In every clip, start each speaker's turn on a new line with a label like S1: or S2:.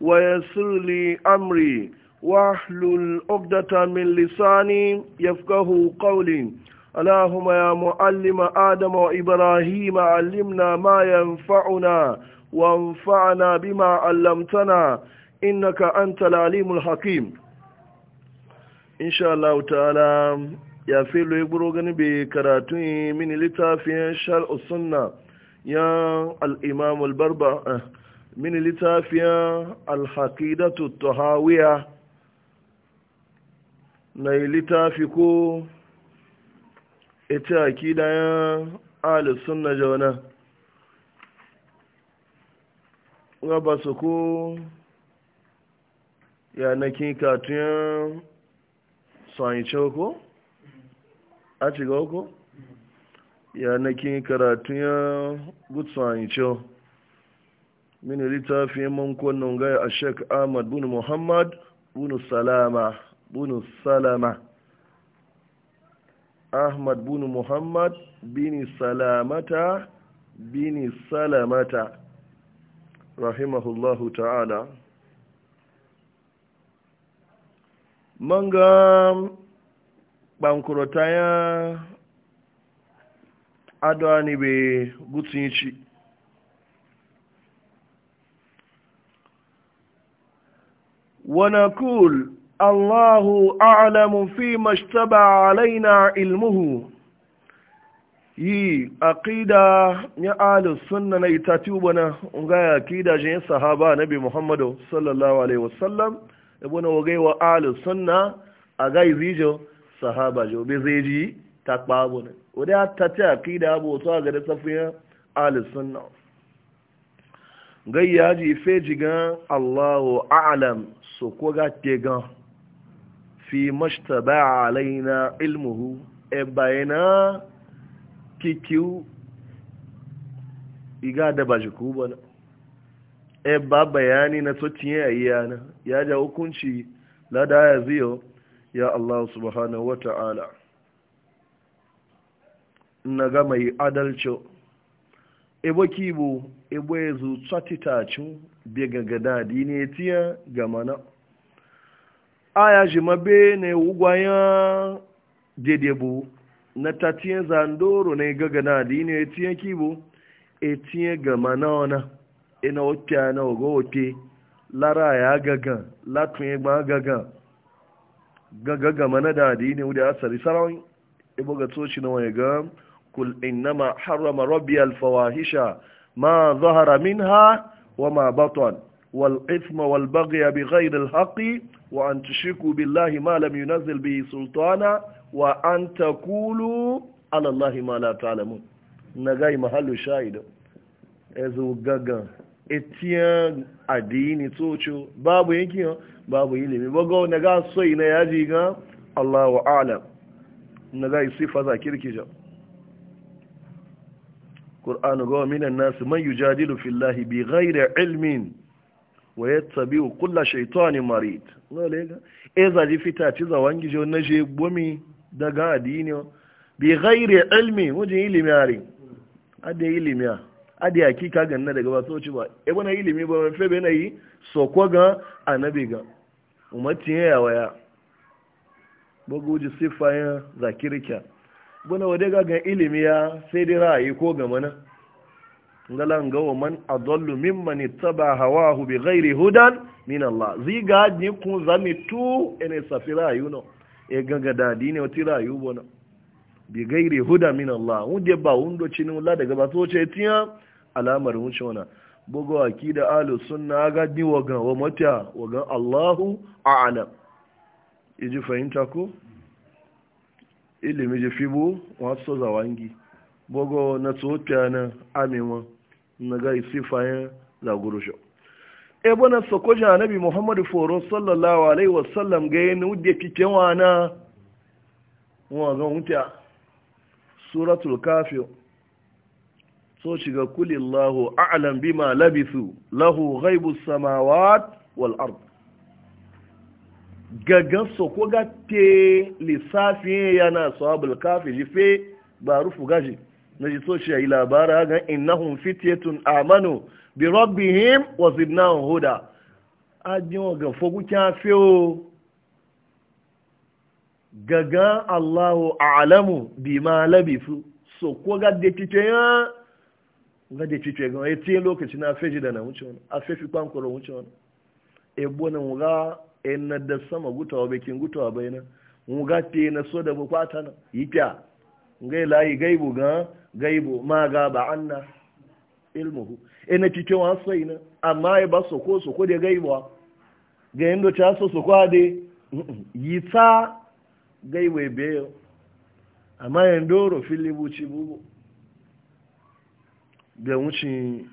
S1: ويسر لي أمري واحلل عقدة من لساني يفقه قولي اللهم يا معلم آدم وإبراهيم علمنا ما ينفعنا وانفعنا بما علمتنا إنك أنت العليم الحكيم إن شاء الله تعالى يا فيلو يقولوا بكراتي من لتافي شرع السنة يا الإمام البربه أه. min littafin alhaƙidatu tahawiya na littafi ko ita aƙidayen alisun na jauna ba su ko yanakin katuyen sanyice ko a ciga ko yanakin karatuyen gutsanyice min littafin mankon nan gaya a sheik ahmad bin muhammad bin salama bin salama ahmad bin muhammad bin salamata bin salamata rahimahullahu ta'ala manga bankurota ya adwani be gutsinci ونقول الله أعلم فيما اشتبع علينا علمه yi aqida ya ahlus sunna na itatu bana ngaya da je sahaba nabi muhammadu sallallahu alaihi wasallam ibn wagai wa ahlus sunna agai zijo sahaba jo be zeji takpa bana wada tata aqida bo to ga da safiya ahlus sunna gayya ji feji ga allahu a'lam so ko ga gan fi mashtaba alaina ilmuhu e bayana kikiu iga da ba bana na e ba bayani na tsotiye a yi ya ja hukunci lada ya ziyo ya Allah subhanahu wa ta'ala na ga mai adalci ebo kibu ebo ya zuwa titacin bai gagada ne ya tiya ga mana aya ji mabe na wugwayen dedebu na tatiyan zandoro na gagada adini ya tiya kibo ya tiya ga mana wana ina wata na ogo wake lara ya gaga latin ya gba gaga gaga ga mana da ne wuda asali sarawin ibo ga tsoci na wani ga kul innama harrama rabbi alfawahisha ma zahara ha. وما بطن والإثم والبغي بغير الحق وأن تشكوا بالله ما لم ينزل به سلطانا وأن تقولوا على الله ما لا تعلمون نغاي محل شاهد ezu gaga etiyan adini tocho babu yankin babu ilimi bago na ga so ina yaji ga Allahu a'lam na ga sifa za kirkija ƙur'anu gawa minan nasu man yi jadilu fillahi bi ghairi ilmin wa ya tabi wa kula shaitani marid e ji fita ci wangi jo na je gomi daga adini bi ghairi ilmi wajen ilimi are adi ilimi a adi hakika ganna daga ba soci ba e Bana ilimi ba mafi bai na yi sokwa ga anabi ga umarci ya yawaya bugu ji siffayen zakirka Buna wade ga ga ilimi ya sai dai ra'ayi ko ga mana ngalan ga wa man adallu mimman ittaba hawahu bi ghairi hudan min Allah ziga ni ku zami tu ene safira yuno e ganga dadi ne wati rayu bona bi ghairi hudan min Allah unde ba undo cinu la daga ba so ce tiya alamar mun shona bugo akida ahlus sunna ga ni wa ga wa mata wa ga Allahu a'lam iji fahimta ko ilimi ji fibo wasu soza wangi bogo na tsofiya na amewa na ga isi fayan zagurusho ebo na sokoji anabi muhammadu foro sallallahu alaihi wasallam ga yi nude kike wana waga wuta suratul kafi so shiga kulillahu a'lam bima labisu lahu ghaibu samawat wal ard gagan soko ga te lissafi yana sahabul kafi jife ba rufu gaji na ji so shi labara ga innahum fityatun amanu bi rabbihim wa zidnahum huda ajin ga fogu kya feo gaga Allahu a'lamu bima labifu soko ga de tice ya ga de tice ga e tin lokaci na feji da na wuce wani a fefi kwankoro wuce wani e mu ga en na da sama gutawa bakin gutawa bai na mu gate na so da bukata na yi fya ngai layi gaibu ga gaibu ma ga ba anna ilmuhu en na cikin sai na amma ya ba so ko so ko da gaibuwa ga yanda ta so so ko de yi ta gaibu be amma yandoro filibu ci bubu ga wucin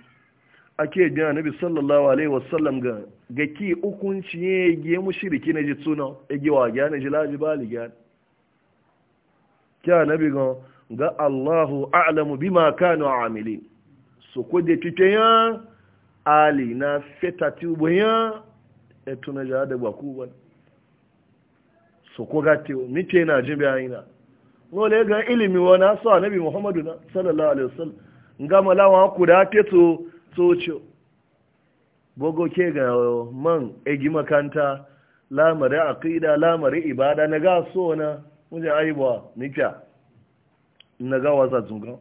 S1: ake gina nabi sallallahu alaihi wasallam ga ga ki hukunci ne ge shiriki na jitsuna ege wa ga na laji bali ga kya nabi ga ga Allahu a'lamu bima kanu amilin so ko de titeya ali na feta tuboya etuna ja da ba ku ba so ko ga te mi te na jin biya ina ngole ga ilimi wa na so nabi muhammadu na sallallahu alaihi wasallam ngama lawa ku da teto socio bogo ke ga man egi makanta lamari aqida lamari ibada na ga so na wajen aibuwa nifiya na ga waza zungan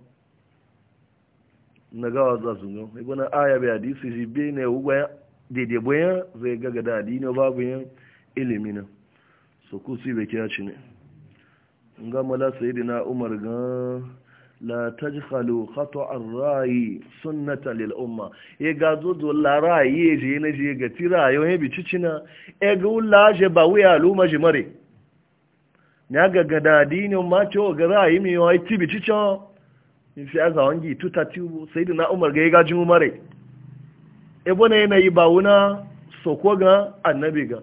S1: na ga waza zungan ibuna aya bi hadisi shi be na ugwa dede boyan zai gaga da adini babu yin ilimi na so kusi be ci ne nga mala sayyidina umar gan la tajkhalu khata'ar rayi sunnata lil umma e ga zo zozo la rayi je na je ga tira yo he bi cicina e ga ulla je ba wi aluma je mare na ga ga dadini ma cho ga rayi mi yo ti bi cicho in fi aza wangi tuta tibu sayyidina umar ga ga jimu mare e bona yana yi ba wuna soko ga annabi ga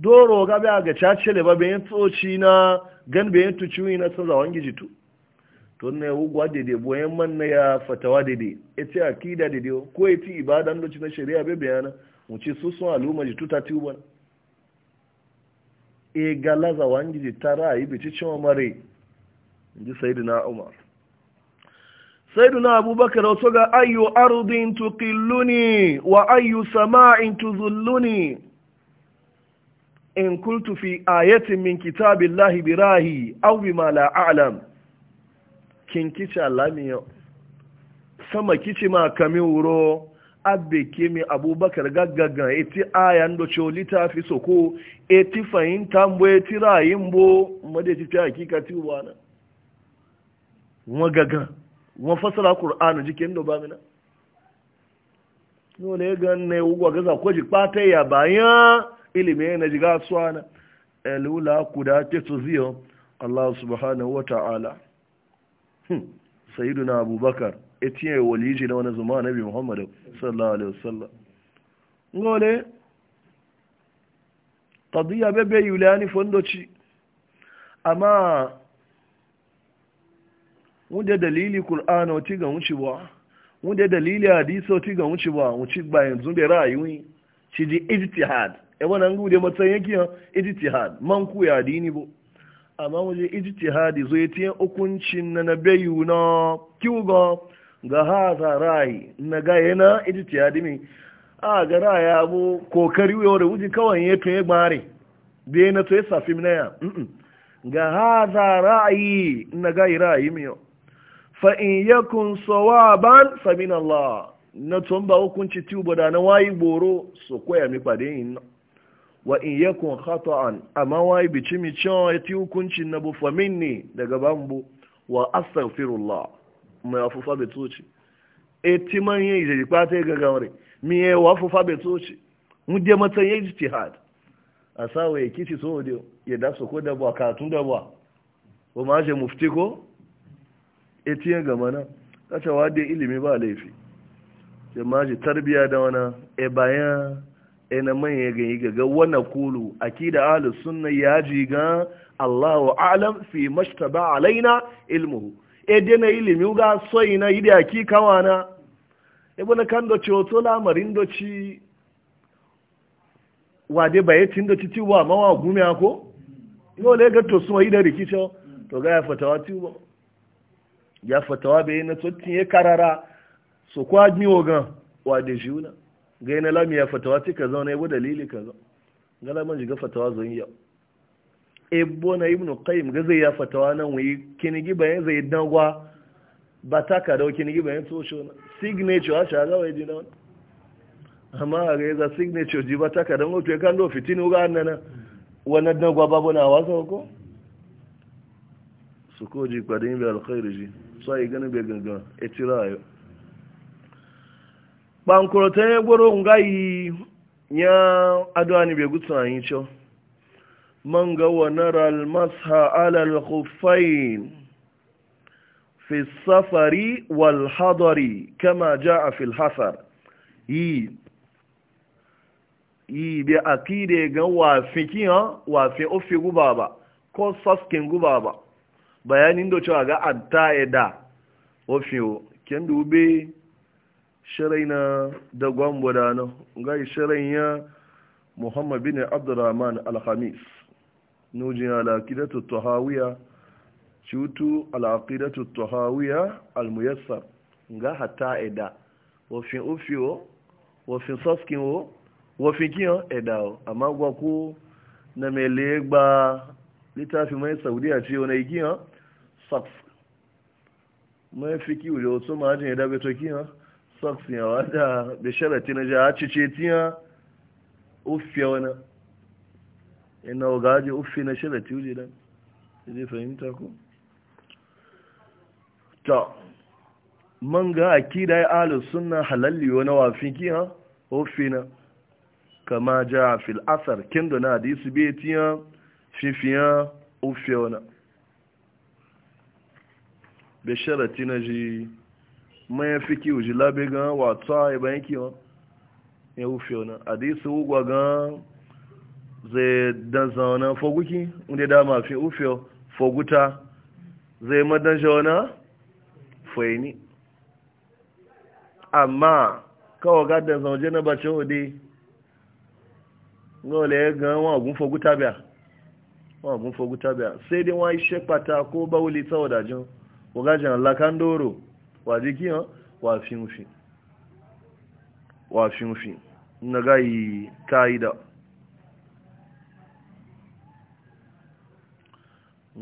S1: doro ga ba ga cace le ba bayan tsoci na gan bayan tuciwi na sun zawangi jitu tun na yawugwa dede boyan man ya fatawa dede ya ce akida dede ko ya ci ibada da shari'a bai bayana mu ce su sun al'umma ji tuta tuba e laza wani ji tara yi bici cewa mare ji na umar na abubakar wato ga ayyu arudin tukiluni wa ayyu sama'in tuzulluni in kultu fi ayatin min kitabillahi birahi aw bima la a'lam kin kici alamiyo sama kici ma kami wuro abbe kimi abubakar gaggagan eti aya ndo choli ta fi soko eti fahimta mbo eti rayin bo made ti ta hakika ti wana wa gaga wa fasara qur'anu jikin do mina no ne ganne ne ugwa gaza ko ji pata ya bayan ilimi na jiga swana elula kuda te so ziyo allah subhanahu wa ta'ala Hmm. sayiduna abubakar etiye waliji na wani zuma nabi muhammad sallallahu alaihi wasallam ngole qadiya bebe yulani fondoci amma wunde dalili qur'an oti ga wuci ba wunde dalili hadisi oti ga wuci ba wuci ba yanzu be rayuwi ci di ijtihad e wannan gude matsayin yake ijtihad man ku ya dini bo amma waje ijtihadi zo ya tiyan hukuncin na na bayu na kiwugo ga ha za rai na ga yana ijtihadi mi a ga rai bu kokari wa da wuji kawai ya tun ya gbare bai na to ya safi mina ya ga za rai na ga rai mi fa in yakun sawaban fa min Allah na tumba hukunci tubo da na wayi boro so koya mi pade wa in yakun khata'an amma wai bici mi cewa ya ti na bufa minni daga bambu wa astaghfirullah mai afufa be tuci e ti man yi jiri pa te ga gawre mi e wa afufa be tuci mu je iji yi ijtihad asawa ya kici so de ya da so ko da ba katun tun da ba ko ma je mufti ko e ti ga mana kace wa de ilimi ba laifi je ma je tarbiya da e bayan ina manya gani gaga wana kulu akida ahli sunna ya ji ga Allahu a'lam fi mashtaba alaina ilmuhu e dena ilimi ga soyina ide akika wana e bona kan do choto la marindo do ci wade baye tin do titi wa mawa gumi ako yo le ga to so ida rikicho to ga ya fatawa ti ya fatawa be na to ya e karara so kwa mi ogan wade jiuna gai na lamiya fatawa ti ka zaune bu dalili ka zaune gala man shiga fatawa zon yau ebo na ibn qayyim ga zai ya fatawa nan wai kinigi bayan zai dangwa ba ta ka da kinigi bayan tosho na signature a shaga wai jina wani amma ga yaza signature ji ba ta ka da mutu ya kan do fitinu ga annana wannan dangwa babu na wasa ko su ko ji kwadin bi alkhairi ji sai ganin bai gangan e tira yau bankurota ya gwaro ngayi ya adwa ni bai gutsu an yi manga man ga wa nara almasha alal khuffain fi safari wal hadari kama ja'a fil hasar yi yi bi akide ga wafi kiyan wafi ofi guba ba ko saskin guba ba bayanin da cewa ga adta eda ofi o kendo be shirai na da gwambo da nan gai shirai ya muhammad bin abdurrahman alhamis nujin alaƙidatu tahawiya cutu alaƙidatu tahawiya almuyassar ga hata eda wofin ufiwo wofin soskin wo wofin kiyan ida o amma gwa na mele gba littafi mai saudiya ce wani kiyan soks mai fiki wujo da ma ma'ajin ya dabe to kiyan safiyawa da bisharati na ja cice tiya uffiya wani ina waga aji uffi na sharati wuje dan zai fahimta ku ta man ga akida ya alu suna halalli wani wafin kiya uffi na kama ja fil asar kendo na da su bai tiya fifiya uffiya wani bisharati na jiha fi fiki uji labe gan wata ya e bayan kiwon ya wufe wani adisi wugwa gan zai dan zaune foguki inda da mafi wufe foguta zai madan shawana faini amma kawo gadan zaune na bacin ngole gan wọn ogun foguta biya wọn ogun foguta biya sai dai wọn ishe pata ko bawuli tsawo dajin wagajen lakandoro wà jí kí hàn wà fi ń fi wà fi ń fi na gáyì ka'ida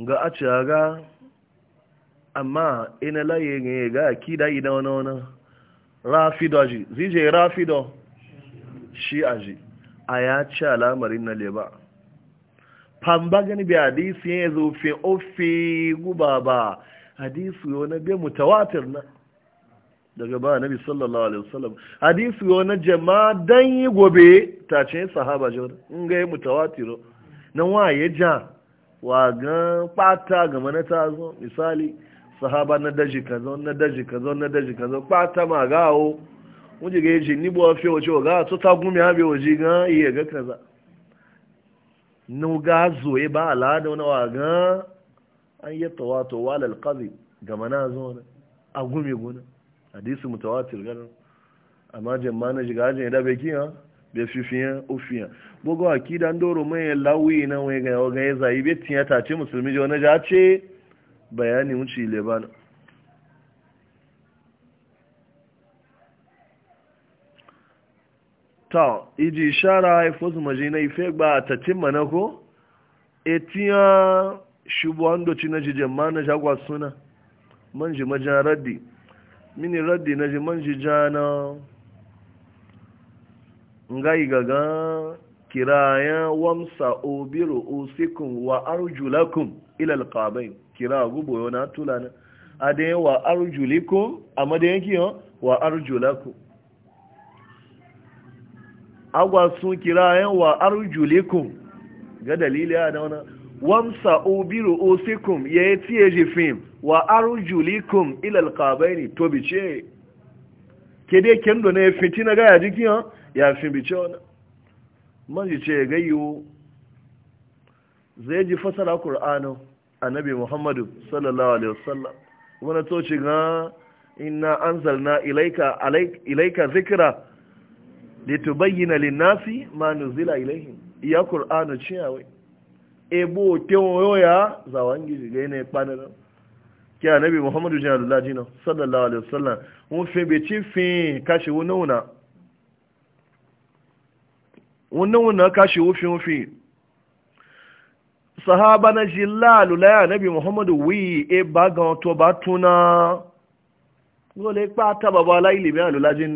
S1: ga a ci ga amma ina laye ne ga da ina wani wani rafido ji zije rafido shi a ji a ya ci alamarin na leba famba gani bi hadisi ya zo fi ofi guba ba hadisi wani bi mutawatir na daga ba nabi sallallahu alaihi wasallam hadisi wani jama'a dan yi gobe ta ce sahaba jawar in ga yi mutawatiro nan wa ya ja wa ga pata ga mana ta zo misali sahaba na daji kaza na daji kaza na daji kaza pata ma gawo wuje ga yaji ni bo fe wace ga to ta gumi ha be waje ga iya ga kaza no ga zo e ba ala da wani wa ga an yi tawato walal qadi ga mana zo a gumi gona hadisi mutawatir ganin amma jemma na shiga ajin da bai kiyan bai fifiyan ofiyan bugu akida ndoro mai lawi na wani ga ga ya zai bai tiya ta ce musulmi je wani ja ce bayani ile ba na. ta iji ishara ya maji na ife ba a cimma manako ko etiya shubuwan doci na jijin ma na jagwa suna man ji majan raddi mini raddi na jiman jijana ngai gaga kiraya wamsa obiru usikun wa arjulakum ila alqabain kira gubo yana tulana ade wa arjulikum amade yake yo wa arjulakum agwa sun kirayen wa arjulikum ga dalili a da wamsa ubiru usikum ya yi tiye jifin wa arjulikum ilal qabaini to bice ke dai kendo ne fitina ga gaya jiki ha ya fi bice wani Manji ce ga yiwu zai ji fasara a nabi muhammadu sallallahu alaihi wasallam wani to ci ga ina an ilaika ilaika zikira da tubayyana linnasi ma nuzila ilaihin ya qur'ano ciyawai ebo tewon yoya zawon gizi ga yanayi kpanar ki a nabi muhammadu jina da lajina sallallahu alaihi wasallam wọn fi beci fi kashe wani wuna wani wuna kashe wufi wufi sahaba na ji lalula ya nabi muhammadu wi e ba gan to ba tuna dole pa ta baba la ilimi alulajin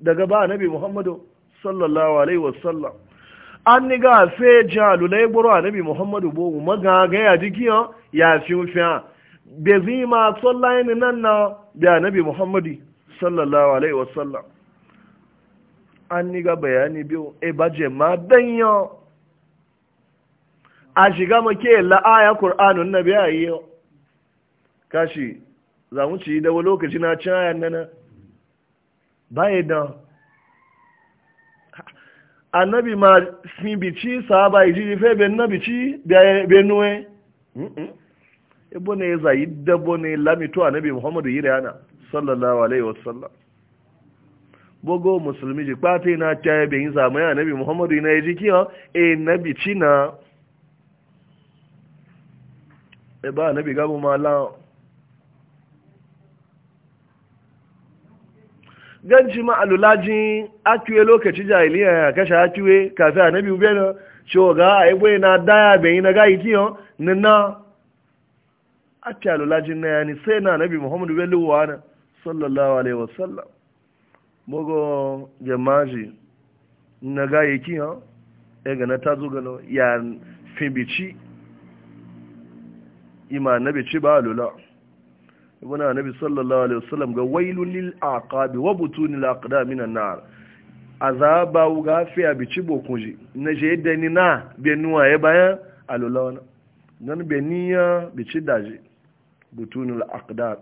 S1: daga ba nabi muhammadu sallallahu alaihi wasallam an ni ga fe jalu na igboro anabi muhammadu bogu magaga ya jikiyo ya fi fiya be zima tsallayin nan na bi anabi muhammadu sallallahu alaihi wasallam an ni ga bayani biyu e je ma danyo a shiga make la'aya qur'anun nabi ayyo kashi za mu ci da lokaci na cin ayan nan ba da annabi ma fi bici sahaba ijiri fe ben na bici benue ebo ne za yi dabo ne lamito annabi muhammadu yi yana sallallahu alaihi wasallam bogo musulmi ji kpata ina kyaye ben zamaya annabi muhammadu yi yaji kiyo e na bici na eba annabi gabu ma lawa. ganci ma alulajin akiwe lokaci jahiliya ya kashe akiwe kafin annabi ubena cewa ga a yi na daya bayi na gayi kiyo nina ake alulajin na yani sai na nabi muhammadu bello wa na sallallahu alaihi wasallam mogo jamaji na gayi kiyo ya gana ta zo gano ya fi bici ima na ci ba alula ibn nabi sallallahu alaihi wasallam ga wailul lil aqabi wa butunil aqdami minan nar azaba uga fi abici bokunji na je deni na benuwa ya bayan alulawana nan beniya bici daji butunil aqdam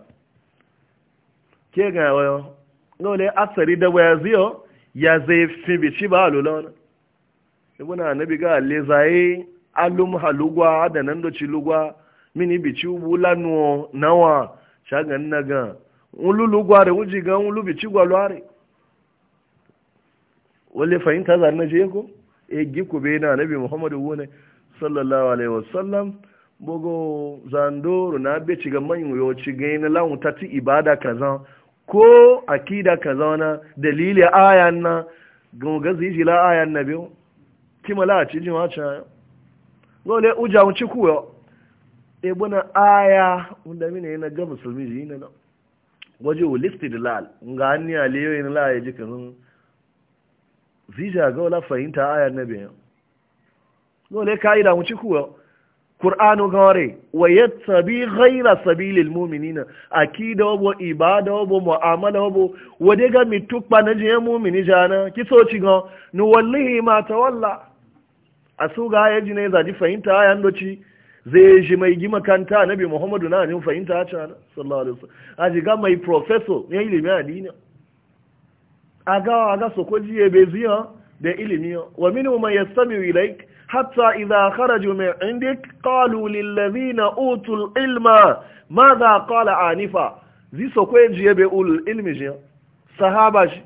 S1: ke ga wayo dole asari da waya ziyo ya zai fi bici ba alulawana ibn nabi ga le zai alum halugwa da nan do ci lugwa mini bici bulanuo nawa shagan gan ga ululu gware wuji ga ulubi ci gwalware wale fahimta zar na je ko e giku be na nabi muhammadu wone sallallahu alaihi wasallam bogo zandoro na be ci ga manyu yo ci ga na lawun tati ibada kaza ko akida kaza na dalili ayan na gonga ziji la ayan nabi kimala ci jima cha gole uja ci kuwa ebuna aya wanda mina yana ga musulmi ji na waje wa lal nga an ya lewe na la ji kan zija ga wala fahimta aya na biyan dole yi da mu kuwa kur'anu gaware wa yattabi ghayra sabilil mu'minina akida wabo ibada wabo mu'amala wabo wade ga mi tukpa na je mu'mini jana so ci gan ni wallahi ma su ga ya ji ne zaji fahimta aya ndoci zai shi mai gima kanta na bi muhammadu na ne fahimta a cana sallallahu alaihi wasallam a jiga mai professor ya ilimi dina. a ga a ga sokoji ya bai zuya da ilimi wa minhum mai yasami ilaik hatta idha kharaju mai indik kalu lillazi na utul ilma ma za kala a anifa zi sokoji ya bai ulul ilmi je sahaba shi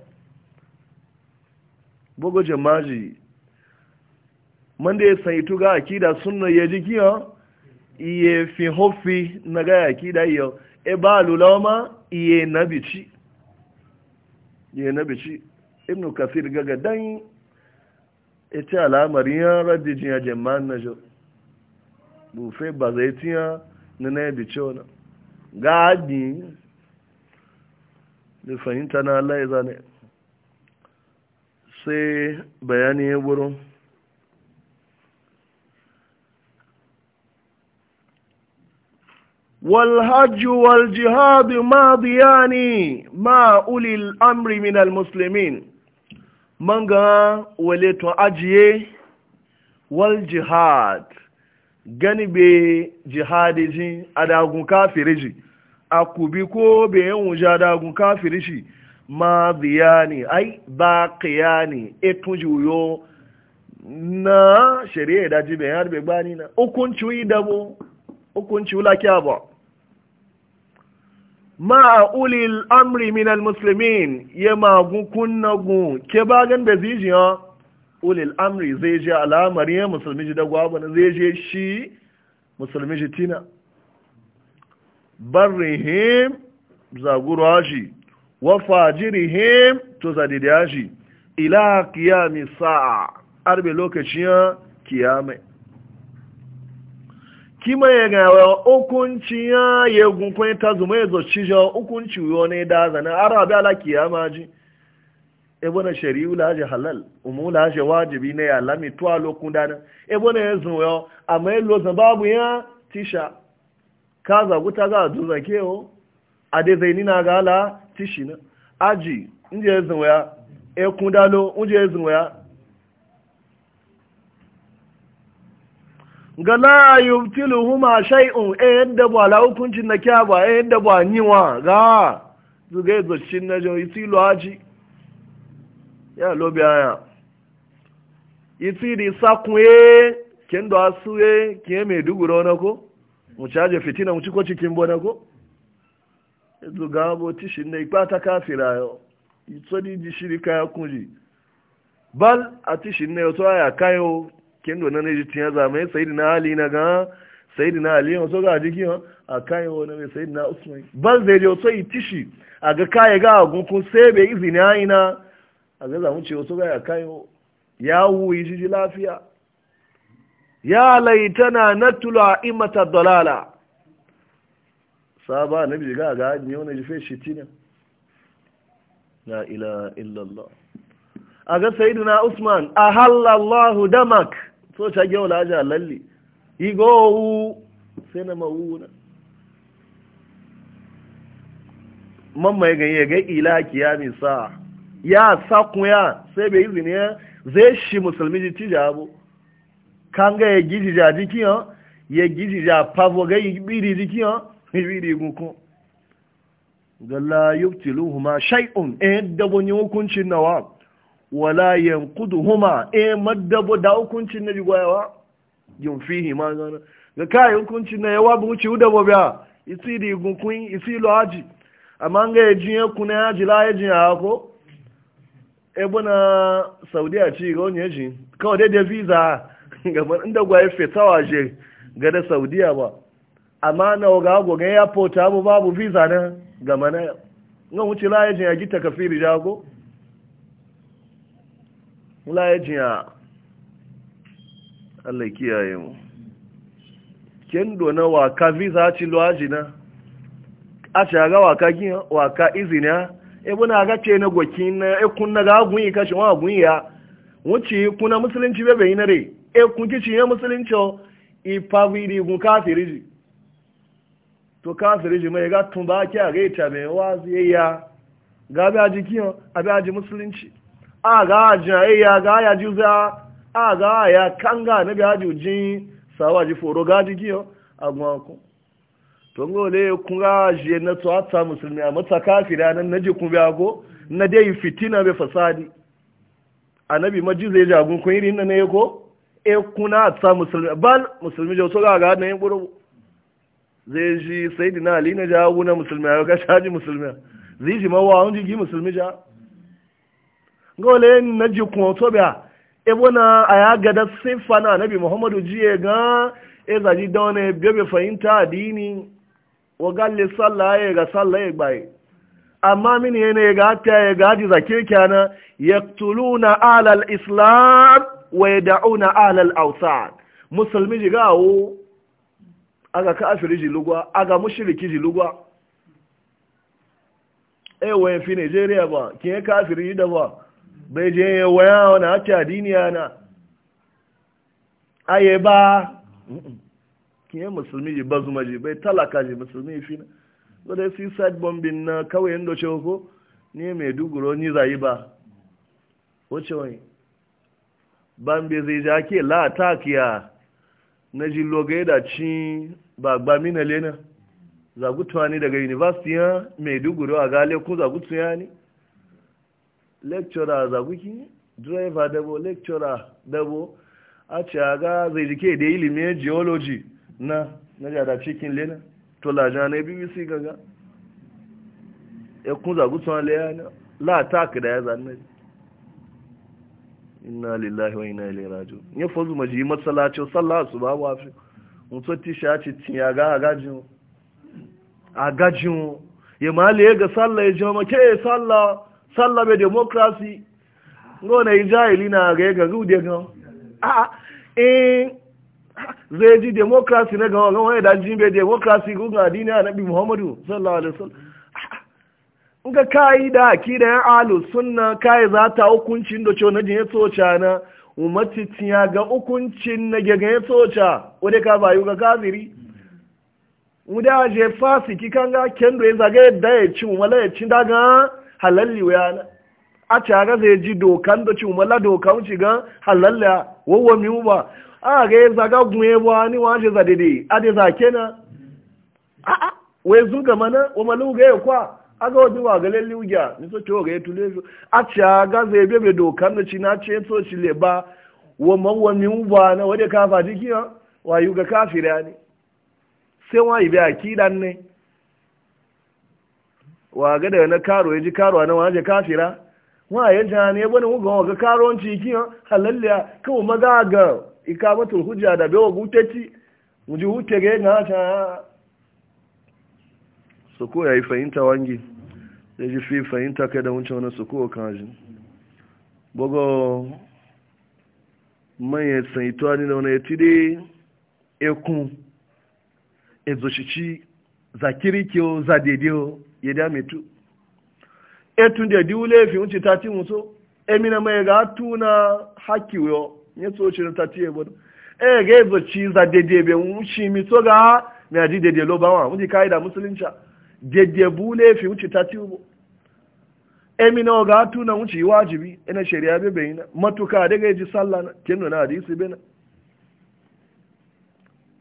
S1: bugu jamaji man da sai tuga akida sunna ya jikiya iye fi hofi na gaya kida iyo e ba lulama iye na bici iye na bici ibnu kafir gaga dan e ita al'amari ya radi jin ya jama'an na jo bufe ba zai tiya na na bici wani ga adi da fahimta na Allah ya zane sai bayani ya wurin والحج والجهاد ماضيان مع أولي الأمر من المسلمين من وليت أجي والجهاد gani be jihadi ji adagun kafiri ji a kubi ko be yawon ji adagun kafiri shi ma biya ai ba kiya e na shari'a daji bayan harbe gbani na hukuncin idabo hukunci kya ba ma a ulil amri min almuslimin ya magu gun ke bagan da ya ulil amri zai je al'amari ya musulmi ji dagwa bane zai je shi musulmi ji tina barrihim zagurwa shi wa fajirihim to zadidiya shi ila kiyami sa'a arbe lokacin kiyamai kima ya gawa hukunci ya ya gunkun ta zuma ya zoci ja hukunci yo ne da zana arabi ala kiyama ji ebo na shari'u la je halal umu la je wajibi ne ya lami to alokun dana ebo na yanzu yo amma elo zan babu ya tisha kaza guta aduza duza keo adeze zaini na gala tishina aji nje yanzu ya ekun dalo nje yanzu ya ga la yubtilu huma shay'un e yadda ba la hukuncin na kya ba e eh, yadda ba niwa ga zuga zocin na jo isilu haji ya lobe aya isiri sakunye eh, ken do asuye ke me duguro na ko mu caje fitina mu ciko cikin bona ko zuga bo tishin ne ipata kafira yo itsodi di shirika ya kunji bal a tishin ne to aya kayo kendo na neji tiya zamai sayidina ali na ga sayidina ali yau so ga jiki ha a kayan wani mai sayidina usman bal zai je so tishi a ga kaya ga gunkun sai bai izini aina a ga zamu ce wasu ga ya ya wuyi shi ji lafiya ya laitana natula imata dalala saba nabi ga ga ne wani jife shi tina la ilaha illallah a ga sayidina usman ahallallahu damak so ta gewa laji a lalle igowu sai na mawuna mamma ya ganye ga ila ya sa ya sa ya sai bai izini ya zai shi musulmi ji tija abu kan ga ya gizi ja jiki ya ya gizi ja pavo ga yi biri jiki ya yi biri gunku ga la ma shay'un eh dabon hukuncin nawab wala yankudu huma e eh, maddabo da hukuncin na jigwayawa yin fihi ma gana ga kayi hukuncin na yawa bu wuce udabo biya isi di gunkun isi lo haji amma ga ya jiye kuna ya ji la ya ji ya ko e bana saudi a ci ga wani ji kawai dai da visa ga ban inda gwaye fetawa je ga da saudiya ba amma na ga go ga ya fota babu visa na ga mana ga wuce la ya ji ya gita kafiri jago mulaye a allah kiyaye mu ken dona waka visa ci na a aga waka gina waka izina ebe na aga ce na gwaki na ekun na gagun yi kashin wa gun ya wuce kuna musulunci bebe yi na re ekun kici ya musulunci ipa vidi gun kafiri ji to kafiri ji mai ga tun ba ki a gaita mai wazi ya gabi a jikin abi a musulunci a ga ya ga ya za a ga ya kanga na biya juji sawa ji foro ga ji giyo a gwanku to ngole kun ga je na to ata musulmi a mata kafira nan ji kun biya go na dai fitina be fasadi ma maji zai jagun kun irin nan ne ko e kuna ta musulmi bal musulmi je to ga ga nan yin buru zai ji sayyidina ali na jagu na musulmi a ka shaji musulmi zai ji mawa an gi musulmi ja ngole na ji kun to biya ebona aya gada sifa na nabi muhammadu jiye ga e zaji dawne bebe fahimta dini wa galle sallah ya ga sallah ya e e gbai e. amma min yana ga ta ya ga ji zake kana yaqtuluna ala al-islam wa yad'una ala al-awsan musulmi ji gawo aga kafiri ji lugwa aga mushriki ji lugwa ewe fi Nigeria ba kin kafiri da ba bai je waya wani ake adini na aye ba kiyan musulmi ji ba zuma ji bai talaka ji musulmi fi na wadda si side bombing na kawai yin doce ko ni mai duguro ni zayi ba wace wani bambe zai ja ake la takiya na ji logaye da ci ba gba mina lena zagutuwa ni daga university ya mai duguro a gale ko zagutuwa ne lecturer zaguki driver dabo lecturer dabo a ce ga zai jike da ilimin geology na na jada cikin lena to laja na bbc gaga ya kun zagu tsohon leya ne la ta da ya zanne Ina lillahi wa inna ilaihi raji'un ya fazu maji masallaci sallah su ba wa fi mutu ti shaci tin ya ga agajin agajin ya mali ga sallah ya jama ke sallah sallah democracy demokrasi na jahili na ga ga de ga a eh zai ji democracy na ga ga wani e da be democracy go ga dini bi muhammadu sallallahu alaihi wasallam nga kai da ki da ya alu sunna kai za ta hukuncin da cewa na jin ya tsoca na tiya ga hukuncin na gaga ya tsoca wadda ka bayu ga kafiri wadda je fasiki kan ga kendo ya e zaga yadda e ya ci umala ya ci daga halalli wayana a cara zai ji dokan da cin mala dokan ci ga halalla wawa mi ba a ga ya zaga gunye ba ni wa je za dede a de za kena a a wai zu ga mana wa malu ga ya kwa a ga wadi wa ga lalli uja ni so ciwo ga ya tule su a cara zai bebe dokan da ci na ce so ci le ba wa mawa mi ba na wade kafa jikiya wayu ga kafira ne sai wa ibe akidan ne wa ga da na karo ya ji karo na waje kafira wa ya ne ya bani ga waga ci ki halalliya kawo maga ga ikamatul hujja da bewa gutacci mu ji hutte ga na ta su ko ya yi fahimta wangi ya ji fi fahimta kai da wancan wani su ko kaji mai manyan sai ni ani wani ya tide ekun ezochichi za zadedeo ya da metu etun da diwule fi unci tati muso emina mai ga tuna haki yo ne so ci tati e bodo e ga zo ci za dede be unci mi so ga me adi dede lo ba wa unci kaida musulunca dede bule fi unci tati ubo emina o ga tuna unci wajibi ina e shari'a be be ina matuka daga ji sallah na kendo na hadisi be na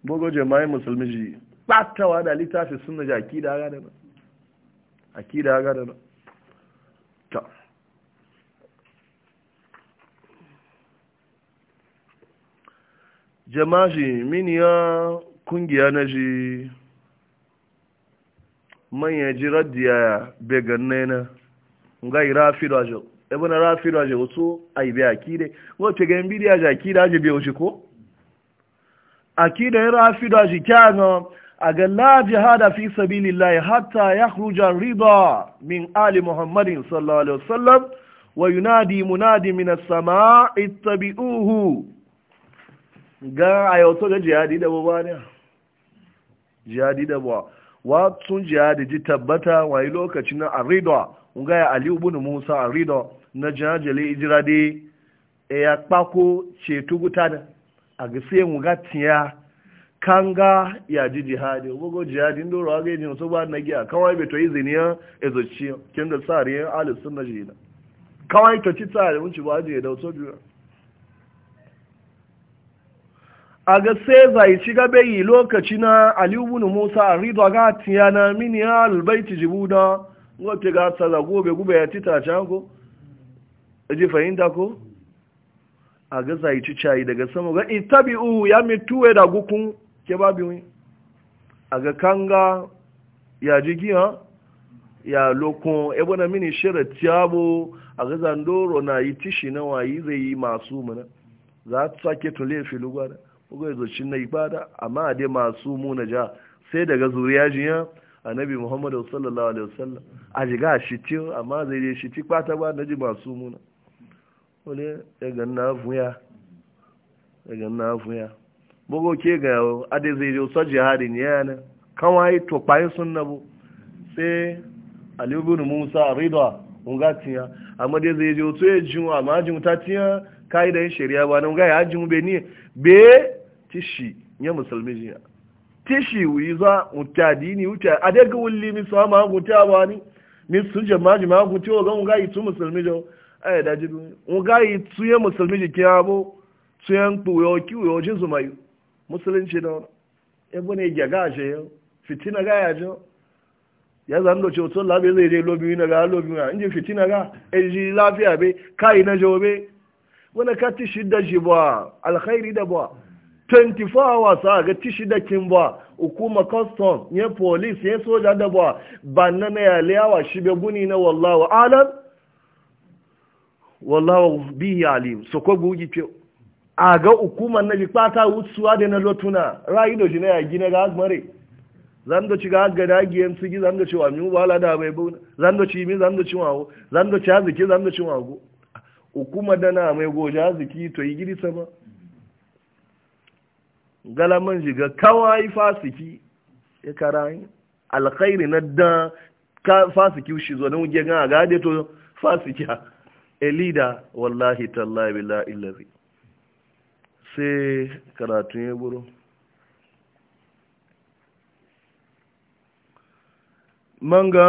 S1: bogo jama'in musulmi ji ɓatawa da littafi sunna jaki da gada na akida ga da ta jamaji miniya kungiya na ji manyan ji radiya began nena ga rafi da jau ebe na rafi da jau wasu a ibe akide wace ga yin ji akida ji biyo shi ko akida ya rafi da shi kyanon a la jihada fi sabilillahi hatta yakhruja ridha min ali muhammadin sallallahu alaihi wasallam wa yunadi munadi min as-samaa ittabi'uhu ga to ga jihadi da baba ne jihadi da baba wa sun jihadi ji tabbata wa yi lokacin na arida ga ya ali ibn musa arida na jajale ijira e ya pako ce tuguta a ga mu ga tiya kanga ya ji jihadi ogogo jihadi ndo ro age ni so ba na giya kawai be to izini ya ezochi kin da sari ya alu sunna jina kawai to ci tsare mun ci ba je da so biya aga sai zai ci gabe yi lokaci na ali ibn musa aga ga tiyana min ya bait jibuda ngote ga sala gobe gobe ya tita chango eji fahimta ko aga zai ci chai daga sama ga itabi'u ya mituwe da gukun ke ba biyu a ga kanga ya jigi ha ya lokun ebona na mini shere tiyabo a ga zandoro na yi tishi na wayi zai yi masu mana za ta sake tule filu gwada bugai zocin na ibada amma a dai masu muna ja sai daga zuriya jiya nabi muhammadu sallallahu alaihi wasallam a jiga shi ti amma zai dai shi ti kwata ba na ji masu muna wani daga na fuya daga na bugo ke ga ade zai je sa jihadin yana kawai to payin sunna bu sai ali ibn musa ridwa unga tiya amma dai zai je to ya jin amma jin ta tiya kai da shari'a ba nan ga ya jin be ni be tishi ya musulmi jiya tishi wiza mutadini uta ade ga wulli mi so ma guta ba ni mi sun jama'a jama'a guta ga unga yi tu musulmi jo ai da jidu unga yi tu ya musulmi ji kiyabo tu yan pu yo ki mayu musulunci da wani ebe ne gyaga ce yau fitina ga ya jo ya zan da cewa labe zai je lobi na ga lobi na inji fitina ga eji lafiya be kai na be wani ka tishi da shi ba alkhairi da ba 24 hours a ga tishi da kin ba hukuma custom ya police ya soja da ba ba na na yaliyawa shi be guni na wallawa alam wallawa bihi alim so ko gugi fiyo a ga hukumar na ji kpata wutsuwa da na lotuna rayu da shi na yagi na gas mare zan da ci ga ga dagiyan su gi zan da ci wa mu wala da bai bau zan da ci mi zan da ci wawo zan da ci aziki zan da ci wago hukuma da na mai goja aziki to yi gidi sama galaman ji ga kawai fasiki ya e yi, alkhairi na da fasiki shi zo na wuge gan a gade to fasiki elida wallahi tallahi billahi illazi sai karatun ya buru manga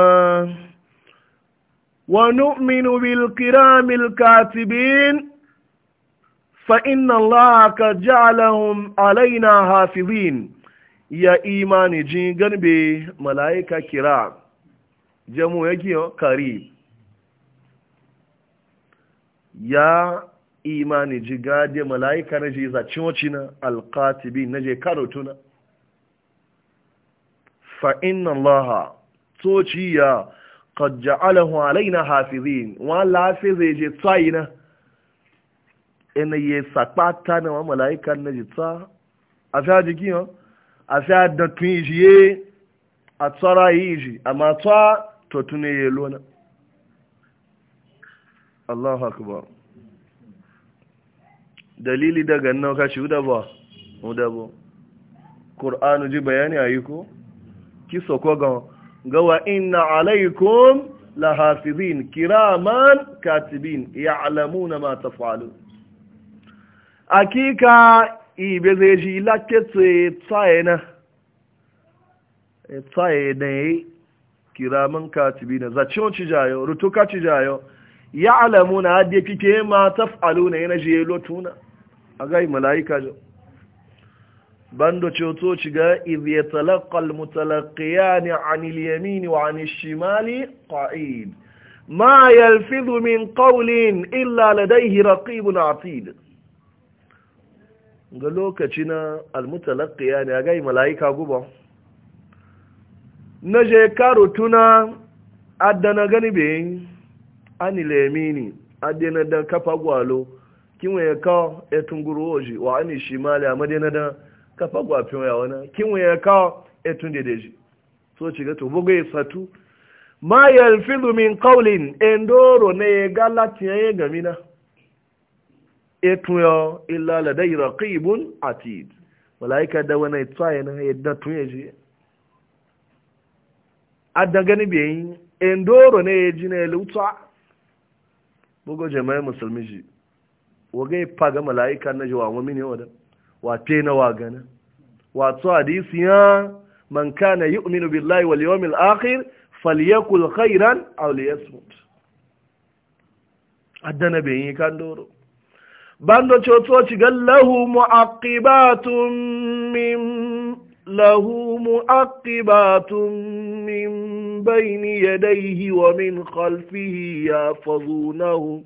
S1: wa nu'minu bil kiramil katibin fa inna allaha kad alaina hafizin ya imani ji ganbe malaika kira jamu yake kari ya imani ji gade mala'ika na ji zaci waci na alkatibi na je tuna, fa'in Laha, toci ya kajja alahu na hafizi wa lafi zai je tsayi na ina yi sakpata na wa mala'ika na ji ta, a fi hajji a fi haddantun iji ye a tsara yi iji amma ta to tuni ya lona Allahu akbar dalili daga nan ka shi udaba udaba qur'anu ji bayani ayiko ki soko ga gawa inna alaikum lahafizin kiraman katibin ya'lamuna ma taf'alun akika ibe zai ji lakete tsayena tsayene kiraman katibin zacion ci jayo rutuka ci jayo ya'lamuna hadiye kike ma taf'aluna yana je lotuna a gai mala'ika jo bando ceto ci ga izi ya talakal ne a niliyamini wa ƙa'id ma fi min ƙaulin illa ladaihi raqibun atid ga lokaci na almutalakiya a gai mala'ika guba na je karo tuna adana gani bayan aniliyamini adana da kafa gwalo kinwe ya tunguru oji wa ani shimali amade na da kafa gwafin ya wana kinwe tun etun dedeji so ci ga to bugo satu ma ya yalfidu min kaulin endoro ne latin ya gamina etun yo illa ladai raqibun atid malaika da wani tsaye na ya da tun yaji adda gani biyayi endoro ne ya ji na ya lutsa. bugu jama'a musulmi ji waga ya ga mala'ika na jawa wa mini wadda wa na wa gana wato hadisi ya man kana yu'minu billahi wal yawmil akhir falyakul khairan aw liyasmut addana be yi kan doro bando choto ci gallahu muaqibatun min lahu muaqibatun min bayni yadayhi wa min khalfihi yafzunahu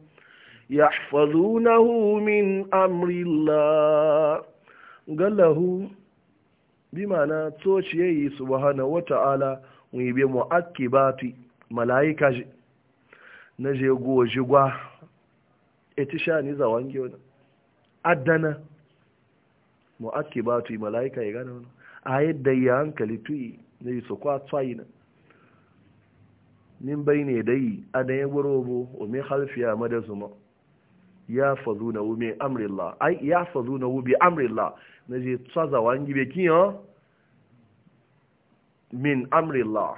S1: يحفظونه من أمر الله قال له بمعنى توشيه سبحانه وتعالى ويبي مؤكبات ملائكة نجي قوة جوا اتشاني زوانجي أدنا مؤكبات ملائكة يغانا آيات ديان كالتوي نجي سكوات صاينا min bai ne dai a da ya gurobo o mai halfiya madazuma ya fazu na wume amrilla ai ya fazu na wube amrilla na je tsaza wangi be kiyo min amrilla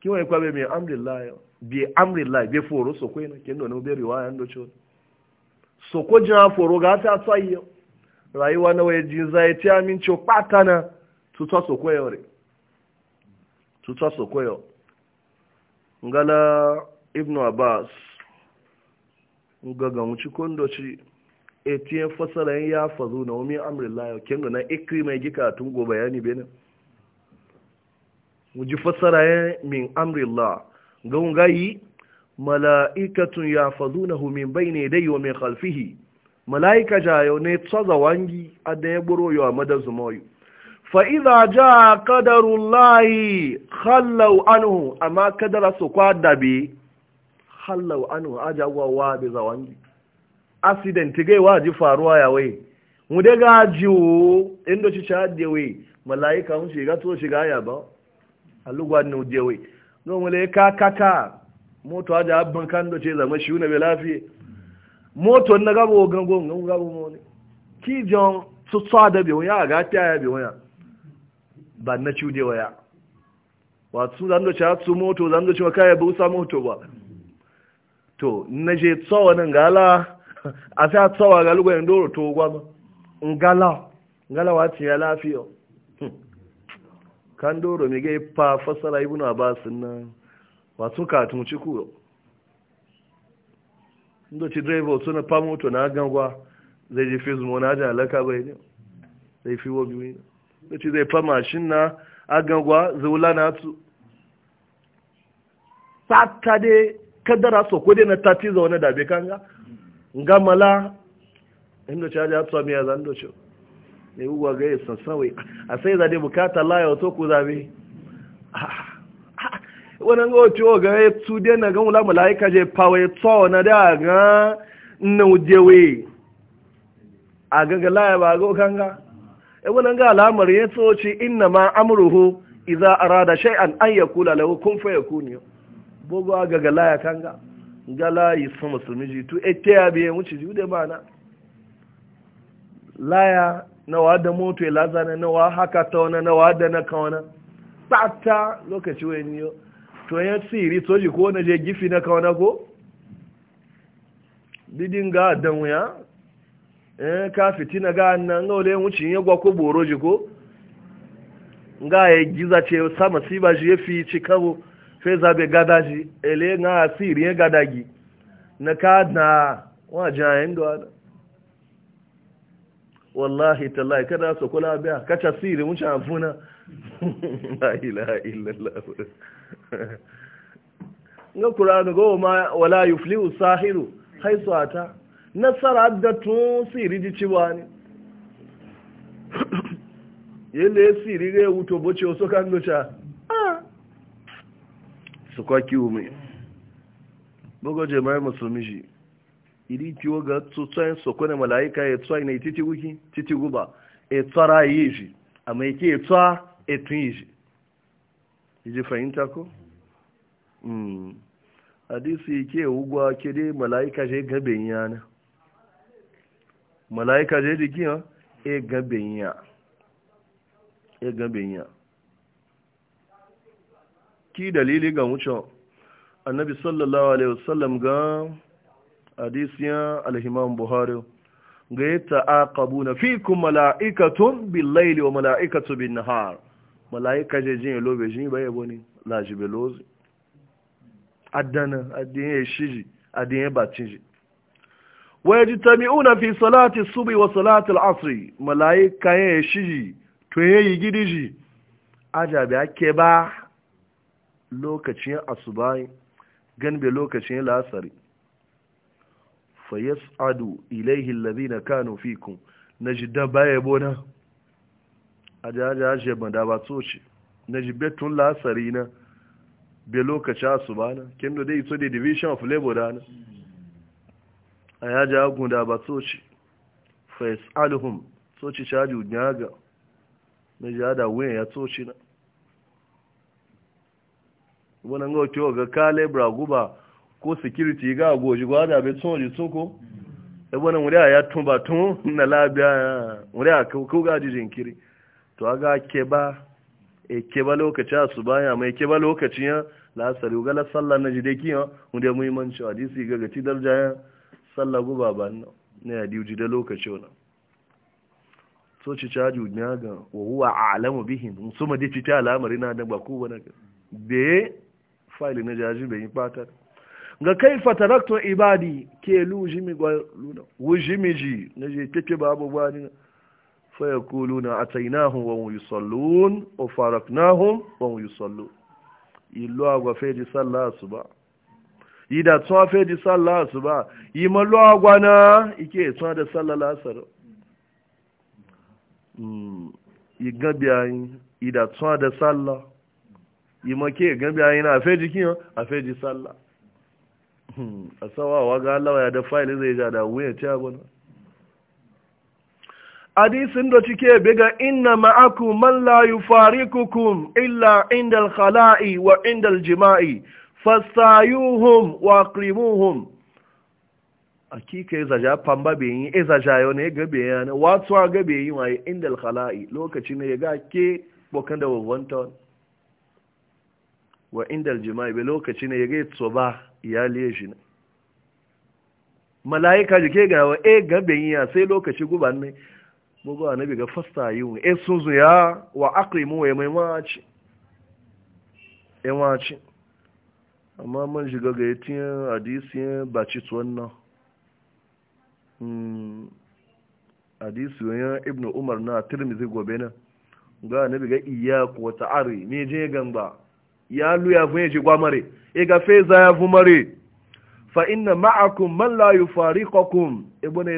S1: ki ya kwabe min amrilla yo bi amrilla be foro so kwena kendo no be riwaya ndo cho so ko jina foro ga ta tsayi rayuwa na waye jin zai ti amin cho patana tutsa so kwayo re tutsa so kwayo ngala ibnu abbas gaga wuci kondo ci etiyen fasarayin ya fazo na wami amurin Kin kenga na ikri mai gika tun go bayani bene wuji fasarayin min amurin la ga wungayi mala'ikatun ya fazo na humin bai ne dai wa mai kalfihi mala'ika yau ne tsaza wangi a da ya buro yawa madar zumayu fa'iza ja kadarun layi hallau anu amma kadara su kwadabe hallau anu ajawa wa be zawangi accident ga wa faruwa ya wai mu de ga jiwo indo ci da wai malaika mun shiga to shiga ya ba alugwa no je wai. no malaika kaka moto aja abban kan do ce zama shi una be lafiye moto na gabo gango ngun gabo mo ne ki jon su da be waya ga ta ya be waya ba na ciude waya wasu zan do cha su moto zan do ci kaya bu sa moto ba to na je tsawa nan gala a sa tsawa ga lugu ndoro to gwa ngala ngala wati ya lafiyo hmm. kan doro mi ga fa fasara ibnu abbas nan su ka tun ci ku ndo ci driver so na to na gangwa zai ji je facebook na da alaka bai ne zai fi wo biyu ne ndo ci zai fa mashin na agangwa zai wula na tu satade kadara so ko dai na tati za wani dabe kanga ngamala inda cha ja tsami ya zan doce ne uwa ga yasa sawe a sai za dai bukata la ya to ku zabe ah, ah, ah, wannan ga to ga su dai na gamula mula malaika je pawe to na da ga nan jewe a ga la ya ba go kanga e wannan ga alamar ya tsoci inna ma amruhu idza arada shay'an an yakula lahu kun fayakun yau bogo ga laya kanga galayi su musulmi tu ete ya biye wuce ji ude mana laya na wa da moto ya lazana na wa haka ta wani na wa da na kawana tata lokaci wayan yi to ya tsiri soji ko na je gifi na kawana ko didin ga dan wuya eh ka fitina ga nan ga wale wuce ya gwa ko boroji ko nga ya giza ce sama siba ji ya fi fẹ́ sábẹ̀ gada shi ele ń asiri ya gada gi na ka na wọ́n àjẹ́ àyẹ̀ ń dọ̀wọ́ wallahi tallahi kada su kula biya kacha siri mun sha funa la ilaha illallah ga qur'an go ma wala yuflihu sahiru haisu ata nasara da tun siri ji ciwa ne yele siri ga wuto boce so kan docha su kwaki ume bugo mai musulmi shi idi kiwo ga soko sokone mala'ika ya tsoyi na titi wiki titi guba ya e tsara yi shi a mai ke tsoa ya e tun yi shi iji fahimta ko? Hmm. hadisi ke wugwa ke dai mala'ika je gaben yana mala'ika je jikin ya e gaben ya e gaben ya ki dalili ga wucin annabi sallallahu alaihi wasallam ga hadisiyan alhimam buhari ga ya ta'aqabu na fikum mala'ikatun bil laili wa mala'ikatu bin nahar mala'ika je jin lobe jin ba yabo ni laji belozi adana adin shiji adin batiji na fi salati subhi wa salati al-'asr mala'ika ya shiji to ye gidiji ajabi ake ba lokacin asubai ganbe lokacin lasari fa yas'adu ilayhi alladhina kanu fikum najda baye bona ajaja je banda ba tsoci najbetun lasari na be lokacin asubana kendo dai so the division of labor dana ajaja gunda ba tsoci fa yas'aluhum tsoci shaju nyaga najada wen ya tsoci na wani ga wato ga kale braguba ko security ga goji gwa da be tun ji soko e wani wuri ya tun ba tun na labiya wuri a ko ga ji jinkiri to aga ke ba a e ke ba lokaci a su baya mai ke ba lokaci ya lasari ga la sallah na jide kiyan wuri muhimmanci hadisi ga ga ti darja ya salla guba ba na ya uji da lokaci wannan so ci caji ne ga wa huwa a'lamu bihim suma di fita al'amari na da ba ku wani be file na jaji bai yi fatar ga kaifa taraktu ibadi ke lu jimi gwa luna wujimi ji na je tete babu bani fa yakuluna atainahum wa hum yusallun wa faraknahum wa hum yusallun ilu agwa feji sallah asuba ida tun afeji sallah yi imalu agwa na ike tun da sallah lasar mm igan bi ayin ida da sallah yi make gambe a yana afe jikin yau afe ji sallah a sawawa ga allawa ya da fayil zai ja da wuya ta gwana hadisin da cike biga inna ma'akum mallayu, fari, yufariqukum illa indal khala'i wa indal jima'i fasayuhum wa aqimuhum akika yi ja pamba be yi iza e ja yo ne gabe yana wato gabe yi wa indal khala'i lokaci ne ya ga ke bokan da wawanta wa inda aljima'i bai lokaci ne ya gai tsoba iyali shi ne mala'ika ji ga wa e eh, gaben ya sai lokaci guban ne bugu annabi ga fasta yiwu e eh, sun zuya wa akrimu wa mai maci e maci amma man shiga ga yatin hadisi ba ci tsuwanna hmm hadisi yan ibnu umar na tirmizi gobe na ga annabi ga iyyaku wa ta'ari me je gamba ya lu e ya vun ji gwamare e ga fe za ya vumare fa inna ma'akum man la yufariqukum ibn e